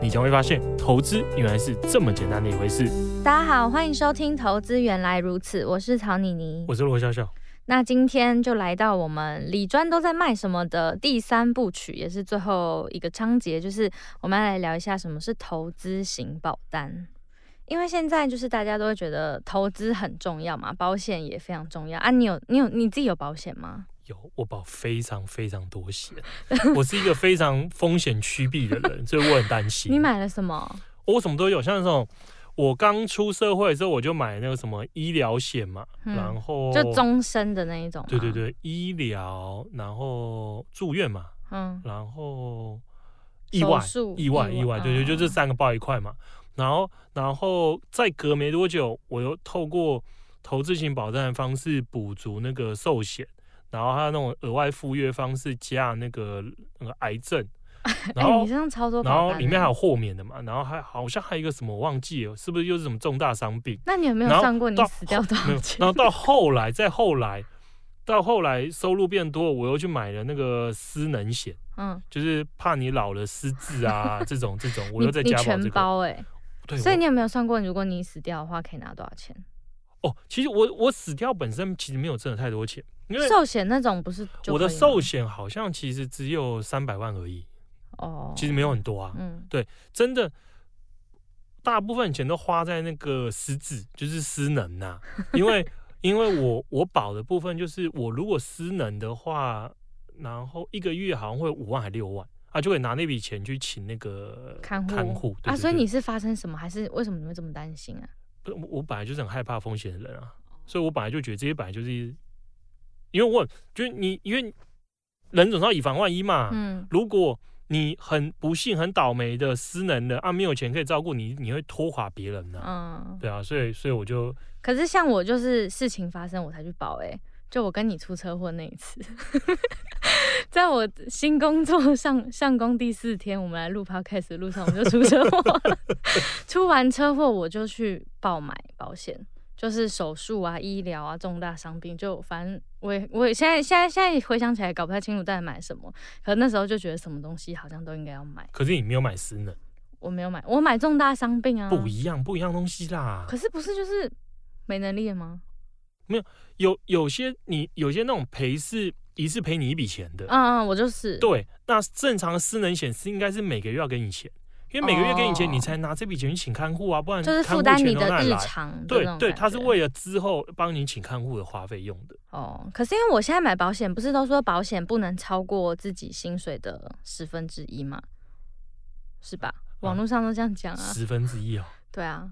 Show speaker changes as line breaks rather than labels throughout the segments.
你將會發現，投資原來是這麼簡單的一回事。
大家好，歡迎收聽《投資原來如此》，我是曹妮妮，
我是羅笑笑。
那今天就來到我們理專都在賣什麼的第三部曲，也是最後一個章節，就是我們要來聊一下什麼是投資型保單。因為現在就是大家都會覺得投資很重要嘛，保險也非常重要啊，你你有你有你自己有保險嗎？
有，我保非常非常多險，我是一個非常風險趨避的人， 所以我很擔心。 你
買了什麼？
我什麼都有，像那種我剛出社會的時候，我就買那個什麼醫療險嘛、嗯，然後就終
身的那一種。對對對，
醫療，然後住院嘛，嗯，然後意外，意，外意外，意外，意外，對對，對、啊，就這三個包一塊嘛。然後，然後再隔沒多久，我又透過投資型保單的方式補足那個壽險。然後還有那種額外附約方式加那個那個癌症， 欸、然後、欸、你這樣操
作，然後裡面還
有豁免的嘛， 然後還好像還有一個什麼我忘記了，是不是又是什麼重大傷病？那你有沒有算
過你死掉多少
錢？然後，到後，然後到後來，再後來，到後來收入變多， 我又去買了那個失能險，嗯，就是怕你老了失智啊 這種這種，我又再加保這個、你，你全
包哎、欸，對。所以你有沒有算過你，如果你死掉的話可以拿多少錢？
哦，其實我我死掉本身其實沒有掙了太多錢。因為壽
險那種不是我的
壽險，好像其實只有三百萬而已。
哦，其
實沒有很多啊。嗯，對，真的，大部分錢都花在那個失智就是失能吶、啊。因為，因為我我保的部分就是，我如果失能的話，然後一個月好像會五萬還六萬，啊，就會拿那筆錢去請那個看護。啊，所以你
是發生什麼，還是為什麼你會這麼擔
心啊？不是，我本來就是很害怕風險的人啊，所以我本來就覺得這些本來就是。因為我就你，因為人總是要以防萬一嘛。嗯，如果你很不幸、很倒霉的失能了啊，沒有錢可以照顧你，你會拖垮別人的、啊。嗯，對啊，所以所以我就，
可是像我就是事情發生我才去保，誒，就我跟你出車禍那一次， 在我新工作上上工第四天，我們來錄 Podcast 的路上我就出車禍了， 出完車禍我就去報買保險。就是手術啊、醫療啊、重大傷病，就反正我也，我現在現在現在回想起來搞不太清楚在買什麼，可是那時候就覺得什麼東西好像都應該要買。
可是你沒有買失能，
我沒有買，我買重大傷病啊，不一
樣，不一樣東西啦。可
是不是就是沒能力了嗎？
沒、嗯、有，有有些你有些那種賠是一次賠你一筆錢的，嗯
嗯，我就是對。
那正常失能險是應該是每個月要給你錢。因為每個月給你錢，你才拿這筆錢去請看護啊，不然就是負擔你的日常。對對，他是為了之後幫你請看護的花費用的。
哦，可是因為我現在買保險，不是都說保險不能超過自己薪水的十分之一嗎？是吧？網絡上都這樣講啊。十分之一哦。對啊，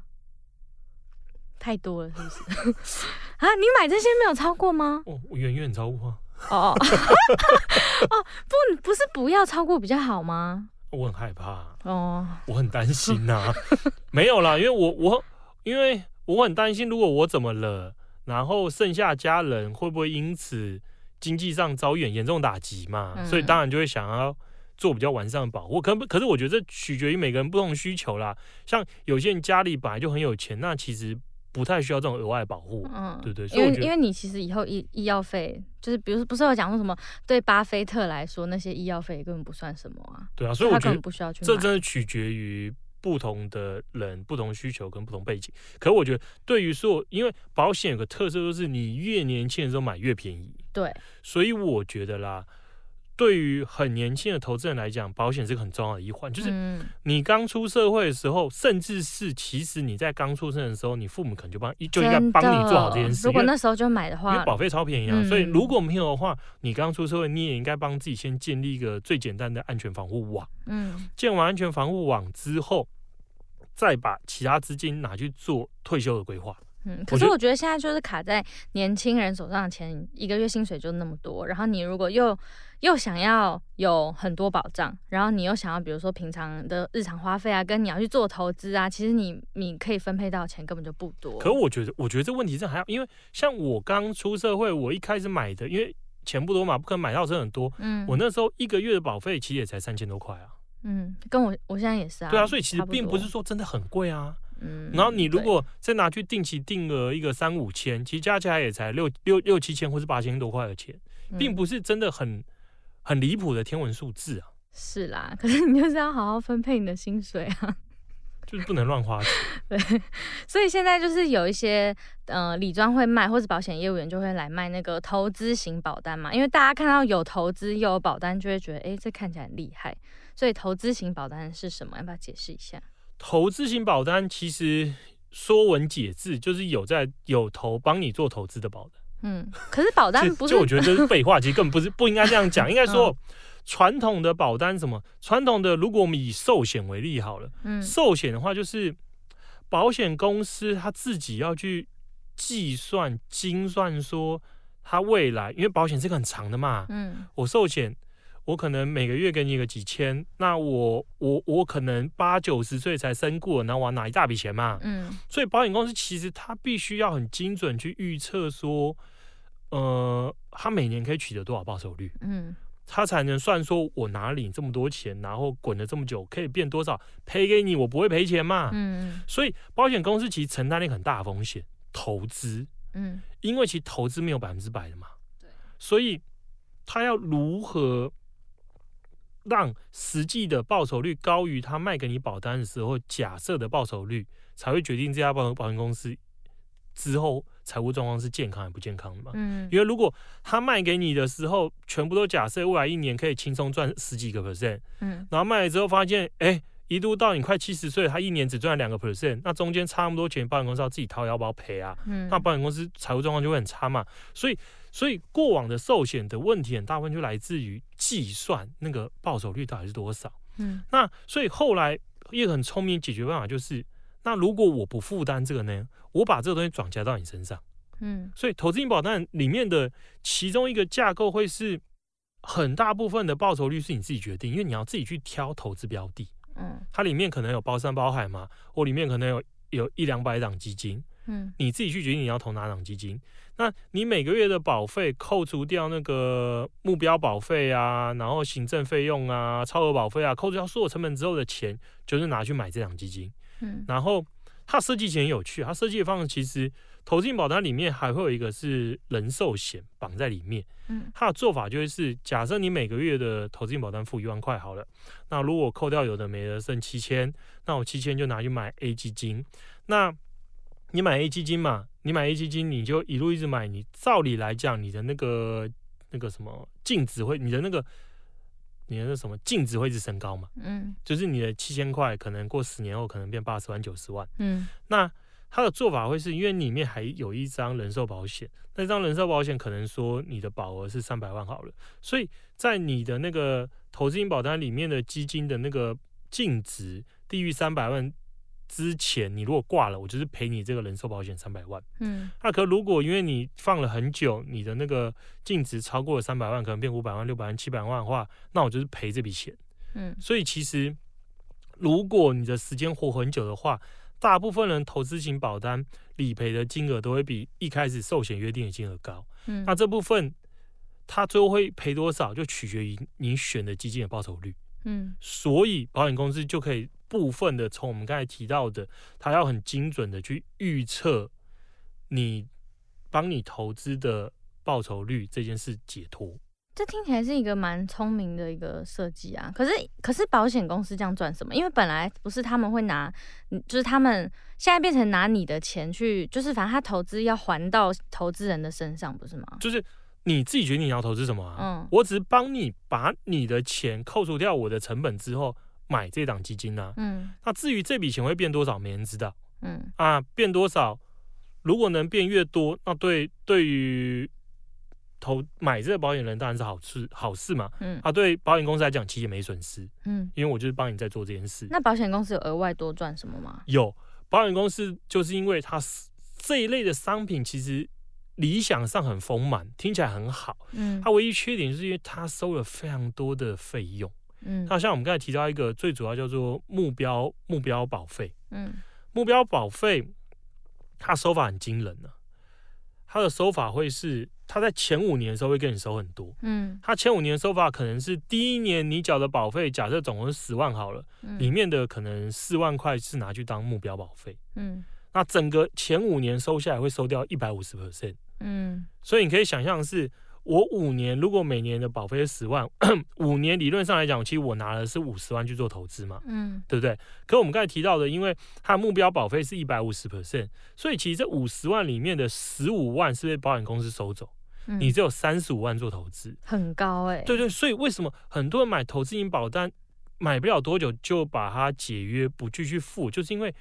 太多了是不是？啊，你買這些沒有超過嗎？
哦，遠遠超過。哦
哦哦，不，不是不要超過比較好嗎？
我很害怕哦，oh. 我很擔心吶、啊， 沒有啦，因為我我因為我很擔心，如果我怎麼了，然後剩下家人會不會因此經濟上遭遇很嚴重打擊嘛、嗯？所以當然就會想要做比較完善的保護。可可是我覺得這取決於每個人不同需求啦。像有些人家裡本來就很有錢，那其實，不太需要這種額外保護，嗯，對對，因為因為你
其實以後醫醫藥費就是，比如說，不是有講說什麼，對巴菲特來說，那些醫藥費根本不算什麼啊。對啊，所以我覺得不需要去。這真
的取決於不同的人、不同需求跟不同背景。嗯，可我覺得，對於說，因為保險有個特色就是，你越年輕的時候買越便宜。對，所以我覺得啦。對於很年輕的投資人來講，保險是很重要的一環。就是你剛出社會的時候，嗯，甚至是其實你在剛出生的時候，你父母可能就幫就應該幫你做好這件事。如果那時
候就買的話，因為保
費超便宜啊，嗯。所以如果沒有的話，你剛出社會，你也應該幫自己先建立一個最簡單的安全防護網。嗯，建完安全防護網之後，再把其他資金拿去做退休的規劃。
嗯，可是我覺得現在就是卡在年輕人手上的錢，一個月薪水就那麼多，然後你如果又又想要有很多保障，然後你又想要比如說平常的日常花費啊，跟你要去做投資啊，其實你你可以分配到錢根本就不多。可是我
覺得，我覺得這問題是還要，因為像我剛出社會，我一開始買的，因為錢不多嘛，不可能買到真的很多。嗯，我那時候一個月的保費其實也才三千多塊啊。嗯，
跟我我現在也是啊。對啊，所以其實並不是
說真的很貴啊。嗯，然後你如果再拿去定期定額一個三五千，其實加起來也才六六六七千或是八千多塊的錢，嗯，並不是真的很很離譜的天文數字啊。
是啦，可是你就是要好好分配你的薪水啊，
就是不能亂花錢。 對，
所以現在就是有一些呃，理專會賣，或是保險業務員就會來賣那個投資型保單嘛，因為大家看到有投資又有保單，就會覺得誒、欸，這看起來很厲害。所以投資型保單是什麼？要不要解釋一下？
投資型保單其實說文解字就是有在有投幫你做投資的保單。
嗯，可是保單不是 就，就我覺得這是
廢話， 其實根本不是，不應該這樣講，應該說傳統的保單什麼傳統的，如果我們以壽險為例好了，嗯，壽險的話就是保險公司他自己要去計算精算，說他未來因為保險是個很長的嘛，嗯，我壽險。我可能每個月給你個幾千，那我我我可能八九十歲才身故，然後我拿一大筆錢嘛。嗯，所以保險公司其實它必須要很精準去預測說，呃，它每年可以取得多少報酬率，嗯，它才能算說我拿你這麼多錢，然後滾了這麼久可以變多少賠給你，我不會賠錢嘛。嗯，所以保險公司其實承擔一個很大的風險投資，嗯，因為其實投資沒有百分之百的嘛。對，所以它要如何？讓實際的報酬率高於他賣給你保單的時候假設的報酬率，才會決定這家保險公司之後財務狀況是健康還是不健康的嘛、嗯？因為如果他賣給你的時候，全部都假設未來一年可以輕鬆賺十幾個 percent，、嗯、然後賣了之後發現，哎，一度到你快七十歲，他一年只賺兩個 percent，那中間差那麼多錢，保險公司要自己掏腰包賠啊、嗯，那保險公司財務狀況就會很差嘛，所以。所以過往的壽險的問題很大部分就來自於計算那個報酬率到底是多少。嗯，那所以後來一個很聰明解決辦法就是，那如果我不負擔這個呢，我把這個東西轉嫁到你身上。
嗯，
所以投資型保單裡面的其中一個架構會是很大部分的報酬率是你自己決定，因為你要自己去挑投資標的。嗯，它裡面可能有包山包海嘛，我裡面可能有有一兩百檔基金。嗯，你自己去決定你要投哪檔基金。那你每個月的保費扣除掉那個目標保費啊，然後行政費用啊、超額保費啊，扣除掉所有成本之後的錢，就是拿去買這兩基金、嗯。然後它設計起來很有趣，它設計的方式其實，投資型保單裡面還會有一個是人壽險綁在裡面、嗯。它的做法就是，假設你每個月的投資型保單付一萬塊好了，那如果扣掉有的沒的剩七千，那我七千就拿去買 A 基金。那你買 A 基金嘛？你買一基金，你就一路一直買，你照理來講，你的那個那個什麼淨值會，你的那個你的那什麼淨值會一直升高嘛？嗯，就是你的七千塊，可能過十年後可能變八十萬、九十萬。嗯，那他的做法會是因為裡面還有一張人壽保險，那張人壽保險可能說你的保額是三百萬好了，所以在你的那個投資型保單裡面的基金的那個淨值低於三百萬。之前你如果掛了，我就是賠你這個人壽保險三百萬。嗯，那可如果因為你放了很久，你的那個淨值超過了三百萬，可能變五百萬、六百萬、七百萬的話，那我就是賠這筆錢。嗯，所以其實如果你的時間活很久的話，大部分人投資型保單理賠的金額都會比一開始壽險約定的金額高。嗯，那這部分它最後會賠多少，就取決於你選的基金的報酬率。嗯，所以保險公司就可以部分的從我們剛才提到的，他要很精準的去預測你幫你投資的報酬率這件事解脫。嗯。
這聽起來是一個蠻聰明的一個設計啊。可是，可是保險公司這樣賺什麼？因為本來不是他們會拿，就是他們現在變成拿你的錢去，就是反正他投資要還到投資人的身上，不是嗎？
就是。你自己決定你要投資什麼啊？嗯、哦，我只是幫你把你的錢扣除掉我的成本之後買這檔基金啦、啊。嗯，那至於這筆錢會變多少，沒人知道。嗯，啊，變多少？如果能變越多，那對對於投買這個保險人當然是好事，好事嘛。嗯、啊，好，對保險公司來講其實也沒損失。嗯，因為我就是幫你在做這件事。那
保險公司有額外多賺什麼嗎？
有，保險公司就是因為它這一類的商品其實。理想上很豐滿，聽起來很好。他、嗯、它唯一缺點是因為它收了非常多的費用。他、嗯、那像我們剛才提到一個最主要叫做目標目標保費。嗯，目標保費，它收法很驚人呢、啊。它的收法會是，它在前五年的時候會跟你收很多。嗯，它前五年的收法可能是第一年你繳的保費，假設總共十萬好了、嗯，裡面的可能四萬塊是拿去當目標保費。嗯。那整個前五年收下來會收掉一百五十 percent，嗯，所以你可以想象是，我五年如果每年的保費是十萬，五年理論上來講，其實我拿的是五十萬去做投資嘛，嗯，對不對？可是我們剛才提到的，因為它目標保費是一百五十 percent，所以其實這五十萬裡面的十五萬是被保險公司收走，嗯，你只有三十五萬做投資，
很高哎，欸，
對，對對，所以為什麼很多人買投資型保單，買不了多久就把它解約不繼續付，就是因為。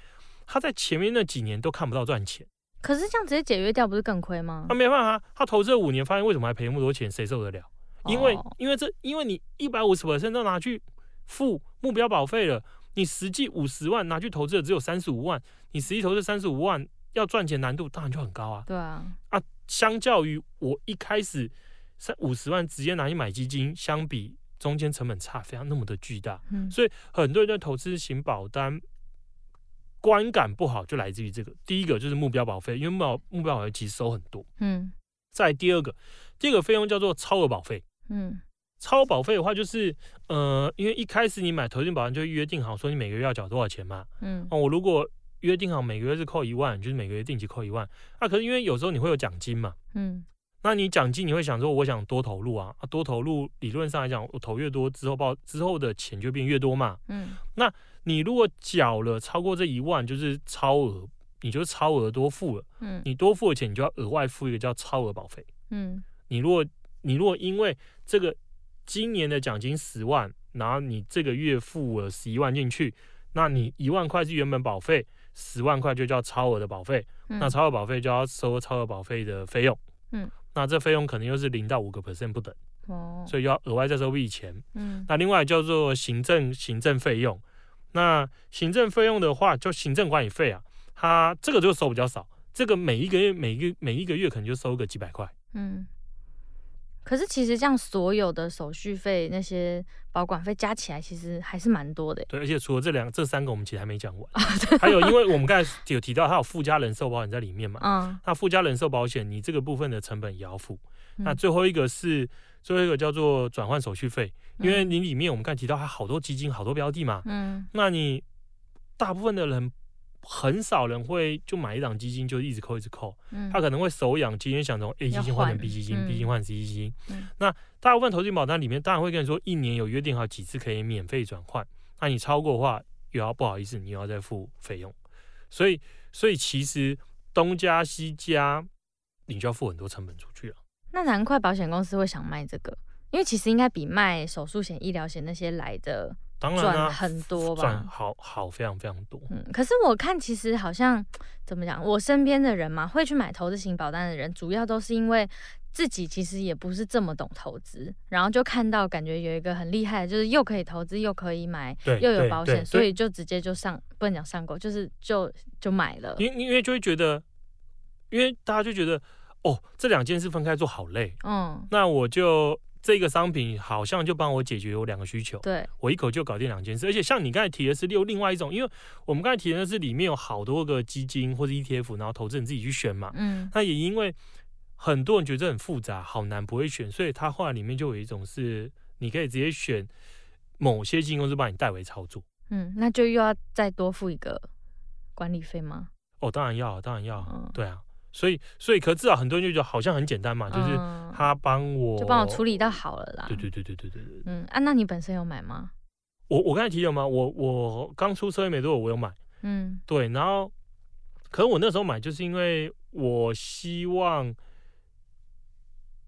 他在前面那幾年都看不到賺錢，
可是這樣直接解約掉不是更虧嗎？他、
啊、沒辦法，他投資了五年，發現為什麼還賠那麼多錢？誰受得了、哦？因為，因為這，因為你一百五十萬全都拿去付目標保費了，你實際五十萬拿去投資的只有三十五萬，你實際投資三十五萬要賺錢難度當然就很高啊。對啊，啊，相較於我一開始三五十萬直接拿去買基金相比，中間成本差非常那麼的巨大。嗯，所以很多人在投資型保單。觀感不好就來自於這個，第一個就是目標保費，因為目標目標保費其實收很多，嗯。再第二個，這個費用叫做超額保費，嗯。超額保費的話，就是呃，因為一開始你買投資保單就約定好，說你每個月要繳多少錢嘛，嗯。啊，我如果約定好每個月是扣一萬，就是每個月定期扣一萬，啊，可是因為有時候你會有獎金嘛，嗯。那你獎金你會想說，我想多投入啊，啊，多投入理論上來講，我投越多之後，報之後的錢就變越多嘛。嗯，那你如果繳了超過這一萬，就是超額，你就超額多付了。嗯，你多付的錢，你就要額外付一個叫超額保費。嗯，你如果你如果因為這個今年的獎金十萬，然後你這個月付了十一萬進去，那你一萬塊是原本保費，十萬塊就叫超額的保費，嗯，那超額保費就要收超額保費的費用。嗯，嗯。那這費用可能又是零到五個 percent 不等哦，oh. 所以要額外再收一筆錢。嗯，那另外叫做行政行政費用，那行政費用的話就行政管理費啊，它這個就收比較少，這個每一個月每一個每一個月可能就收個幾百塊。嗯。
可是其實這樣，所有的手續費那些保管費加起來，其實還是蠻
多的。對，而且除了這兩、這三個，我們其實還沒講完。 還有，因為我們剛才有提到，它有附加人壽保險在裡面嘛。嗯。那附加人壽保險，你這個部分的成本也要付。嗯、那最後一個是，最後一個叫做轉換手續費、嗯，因為你裡面我們剛才提到，它好多基金、好多標的嘛。嗯。那你大部分的人。很少人會就買一檔基金就一直扣一直扣、嗯，他可能會手癢，今天想從 A 基金換成 B 基金換，B 基金換 C 基金、嗯。那大部分投資保單裡面，當然會跟你說一年有約定好幾次可以免費轉換，那你超過的話，又要不好意思，你又要再付費用。所以，所以其實東加西加，你就要付很多成本出去了。
那難怪保險公司會想賣這個，因為其實應該比賣手術險、醫療險那些來的。賺很多吧，賺
好好非常非常多。嗯，可是
我看其實好像怎麼講，我身邊的人嘛，會去買投資型保單的人，主要都是因為自己其實也不是這麼懂投資，然後就看到感覺有一個很厲害，就是又可以投資又可以買，又有保險，所以就直接就上，不能講上鈎，就是就就買了。
因因為就會覺得，因為大家就覺得哦，這兩件事分開做好累，嗯，那我就。這個商品好像就幫我解決有兩個需求，對，我一口就搞定兩件事。而且像你剛才提的是六，另外一種，因為我們剛才提的是裡面有好多個基金或是 ETF，然後投資你自己去選嘛。嗯。那也因為很多人覺得很複雜，好難不會選，所以他話裡面就有一種是你可以直接選某些基金公司幫你代為操作。嗯，
那就又要再多付一個管理費嗎？
哦，當然要，當然要。哦、對啊。所以，所以可至少很多人就覺得好像很簡單嘛，嗯、就是他幫我就幫我處理
到好了啦。
對對對對對對
對。嗯啊，那你本身有買嗎？
我我剛才提有嗎？我我剛出社會沒多久，我有買。嗯，對。然後，可是我那時候買，就是因為我希望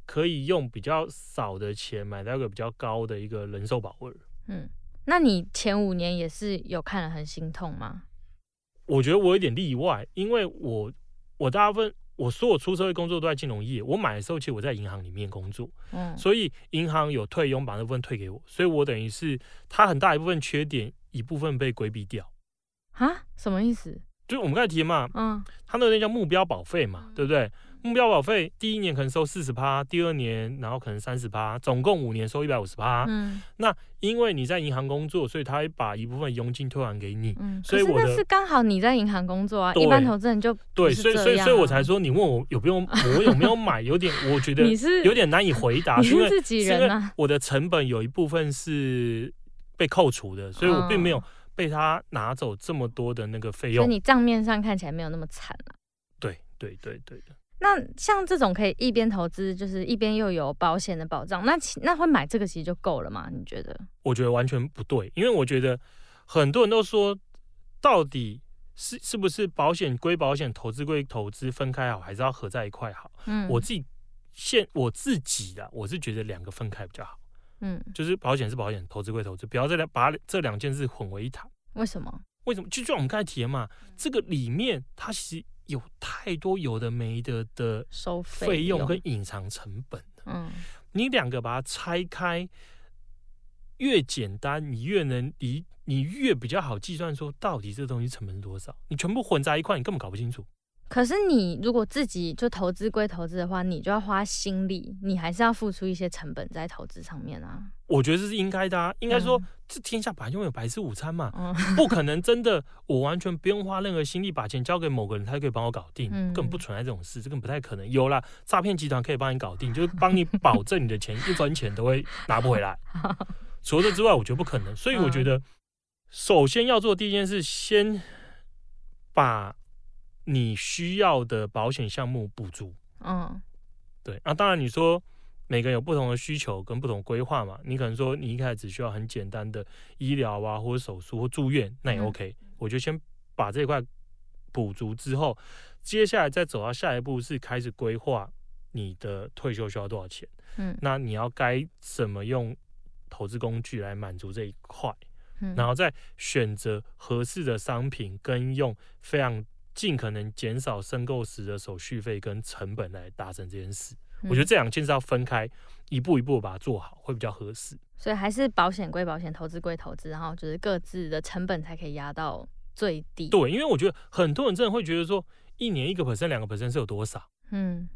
可以用比較少的錢買到一個比較高的一個人壽保額。
嗯，那你前五年也是有看了很心痛嗎？
我覺得我有點例外，因為我。我大部分我說我出社會工作都在金融業，我買的時候其實我在銀行裡面工作，嗯，所以銀行有退佣把那部分退給我，所以我等於是它，很大一部分缺點一部分被規避掉，
啊，什麼意思？就
是我們剛才提的嘛，嗯，它那個叫目標保費嘛，嗯，對不對？目標保費第一年可能收四十趴，第二年然後可能三十趴，總共五年收一百五十趴。嗯，那因為你在銀行工作，所以他會把一部分佣金退還給你，嗯。可是那是
剛好你在銀行工作啊，一般投資人就不，啊，對，所以所以所以，所以我
才說，你問我有不用我有沒有買，有點我覺得你是有點難以回答 是，是因為是自己人，啊，是因為我的成本有一部分是被扣除的，所以我並沒有被他拿走這麼多的那個費用，哦，所
以你賬面上看起來沒有那麼慘，啊，對
對對對，對
那像這種可以一邊投資，就是一邊又有保險的保障，那其那會買這個其實就夠了嗎？你覺得？
我覺得完全不對，因為我覺得很多人都說，到底是是不是保險歸保險，投資歸投資，分開好，還是要合在一塊好？嗯，我自己現我自己的我是覺得兩個分開比較好。嗯，就是保險是保險，投資歸投資，不要這兩把這兩件事混為一談。為什麼？為什麼？就就我們剛才提的嘛、嗯，這個裡面它其實。有太多有的沒的的收費費用跟隱藏成本。嗯，你兩個把它拆開，越簡單你越能你你越比較好計算，說到底這東西成本是多少？你全部混在一塊，你根本搞不清楚。
可是你如果自己就投資歸投資的話，你就要花心力，你還是要付出一些成本在投資上面啊。
我覺得這是應該的。啊，應該說、嗯、這天下本來就沒有白吃午餐嘛。嗯，不可能真的我完全不用花任何心力把錢交給某個人，他就可以幫我搞定，根、嗯、本不存在這種事，這個不太可能。有啦詐騙集團可以幫你搞定，就是幫你保證你的錢、嗯、一分錢都會拿不回來。嗯。除了這之外，我覺得不可能。所以我覺得首先要做的第一件事，先把。你需要的保險項目補足，嗯、oh，對、啊、那當然你說每個人有不同的需求跟不同規劃嘛，你可能說你一開始只需要很簡單的醫療啊，或者手術或住院，那也 OK、嗯、我就先把這塊補足之後，接下來再走到下一步，是開始規劃你的退休需要多少錢。嗯，那你要該怎麼用投資工具來滿足這一塊，嗯，然後再選擇合適的商品跟用非常，盡可能減少申購時的手續費跟成本來達成這件事、嗯，我覺得這兩件事要分開，一步一步把它做好會比較合適。
所以還是保險歸保險，投資歸投資，然後就是各自的成本才可以壓到最低。對，
因為我覺得很多人真的會覺得說，一年一個百分兩個 percent 是有多少？嗯，
嗯，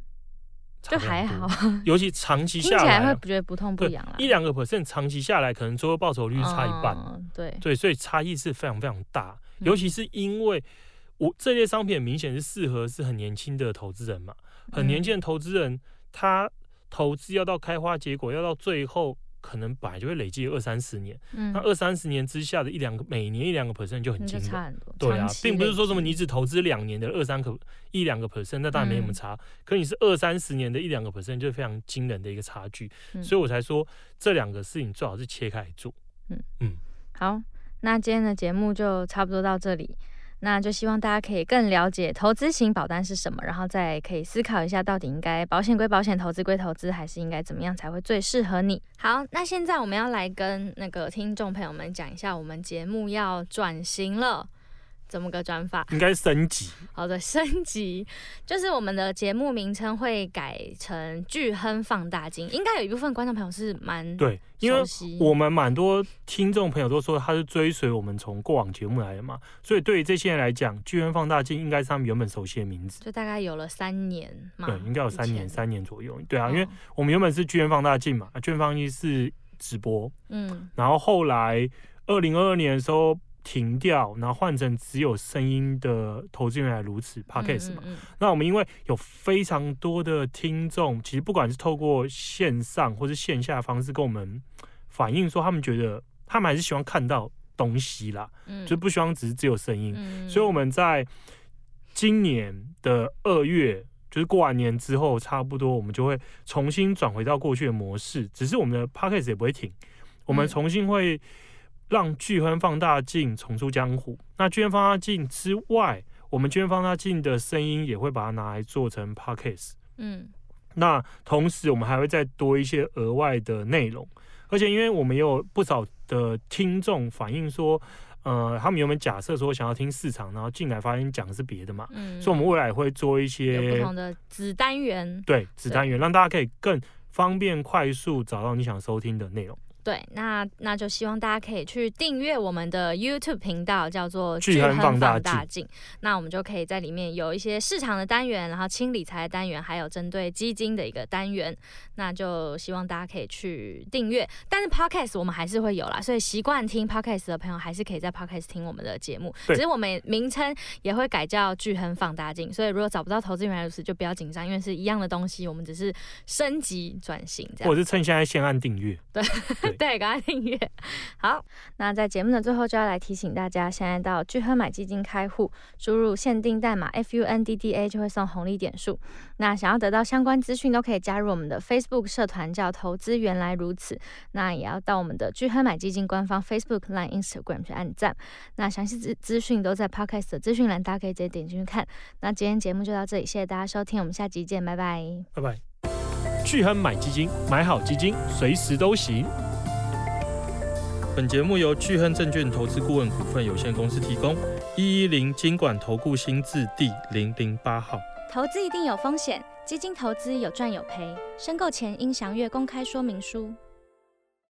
就還好，
尤其長期下來, 來
會覺得不痛不癢
啦。一兩個 percent 長期下來，可能說報酬率差一半、哦對。對，所以差異是非常非常大，尤其是因為、嗯。我這些商品很明顯是適合是很年輕的投資人嘛，很年輕的投資人，他投資要到開花結果，要到最後可能本來就會累積二三十年，那二三十年之下的一兩個每年一兩個 percent 就很驚人，對啊，並不是說什麼你只投資兩年的二三個一兩個 percent 那當然沒什麼差，可你是二三十年的一兩個 percent 就非常驚人的一個差距，所以我才說這兩個事情最好是切開來做，嗯嗯，
好，那今天的節目就差不多到這裡。那就希望大家可以更了解投資型保單是什麼，然後再可以思考一下，到底應該保險歸保險，投資歸投資，還是應該怎麼樣才會最適合你。好，那現在我們要來跟那個聽眾朋友們講一下，我們節目要轉型了。怎麼個轉法？應該升級。好的，升級就是我們的節目名稱會改成《巨亨放大鏡》，應該有一部分觀眾朋友是蠻對，因為我
們蠻多聽眾朋友都說他是追隨我們從過往節目來的嘛，所以對於這些人來講，《鉅亨放大鏡》應該是他們原本熟悉的名字。
就大概有了三年嘛？對，
應該有三年、年，三年左右。對啊，因為我們原本是巨亨放大鏡嘛，《鉅亨放大鏡》嘛，《鉅亨放大鏡》是直播，嗯，然後後來二零二二年的時候。停掉，然後換成只有聲音的投資原來如此。Podcast、嗯、嘛、嗯，那我們因為有非常多的聽眾，其實不管是透過線上或是線下的方式，跟我們反映說，他們覺得他們還是希望看到東西啦，嗯、就是、不希望只是只有聲音。嗯嗯、所以我們在今年的二月，就是過完年之後，差不多我們就會重新轉回到過去的模式，只是我們的 Podcast 也不會停，我們重新會。讓鉅亨放大鏡重出江湖。那鉅亨放大鏡之外，我們鉅亨放大鏡的聲音也會把它拿來做成 Podcast。嗯，那同時我們還會再多一些額外的內容。而且因為我們也有不少的聽眾反映說，呃，他們有沒有假設說想要聽市場，然後進來發現講的是別的嘛？嗯，所以我們未來會做一些不同的
子單元，對
子單元，讓大家可以更方便、快速找到你想收聽的內容。
對，那那就希望大家可以去訂閱我們的 YouTube 頻道，叫做“鉅亨放大鏡”大。那我們就可以在裡面有一些市場的單元，然後輕理財的單元，還有針對基金的一個單元。那就希望大家可以去訂閱。但是 Podcast 我們還是會有啦，所以習慣聽 Podcast 的朋友還是可以在 Podcast 聽我們的節目。對。只是我們名稱也會改叫“鉅亨放大鏡”，所以如果找不到投資原來如此就不要緊張，因為是一樣的東西，我們只是升級轉型這樣。或者是趁
現在先按訂閱。對。嗯
對，個訂閱好。那在節目的最後，就要來提醒大家，現在到鉅亨買基金開戶，輸入限定代碼 F U N D D A 就會送紅利點數。那想要得到相關資訊，都可以加入我們的 Facebook 社團叫，叫投資原來如此。那也要到我們的鉅亨買基金官方 Facebook、Line、Instagram 去按讚。那詳細資資訊都在 Podcast 的資訊欄，大家可以直接點進去看。那今天節目就到這裡，謝謝大家收聽，我們下集見，拜拜。拜
拜。鉅亨買基金，買好基金，隨時都行。本節目由鉅亨證券投資顧問股份有限公司提供。一一零金管投顧新字第零零八號。
投資一定有風險，基金投資有賺有賠，申購前應詳閱公開說明書。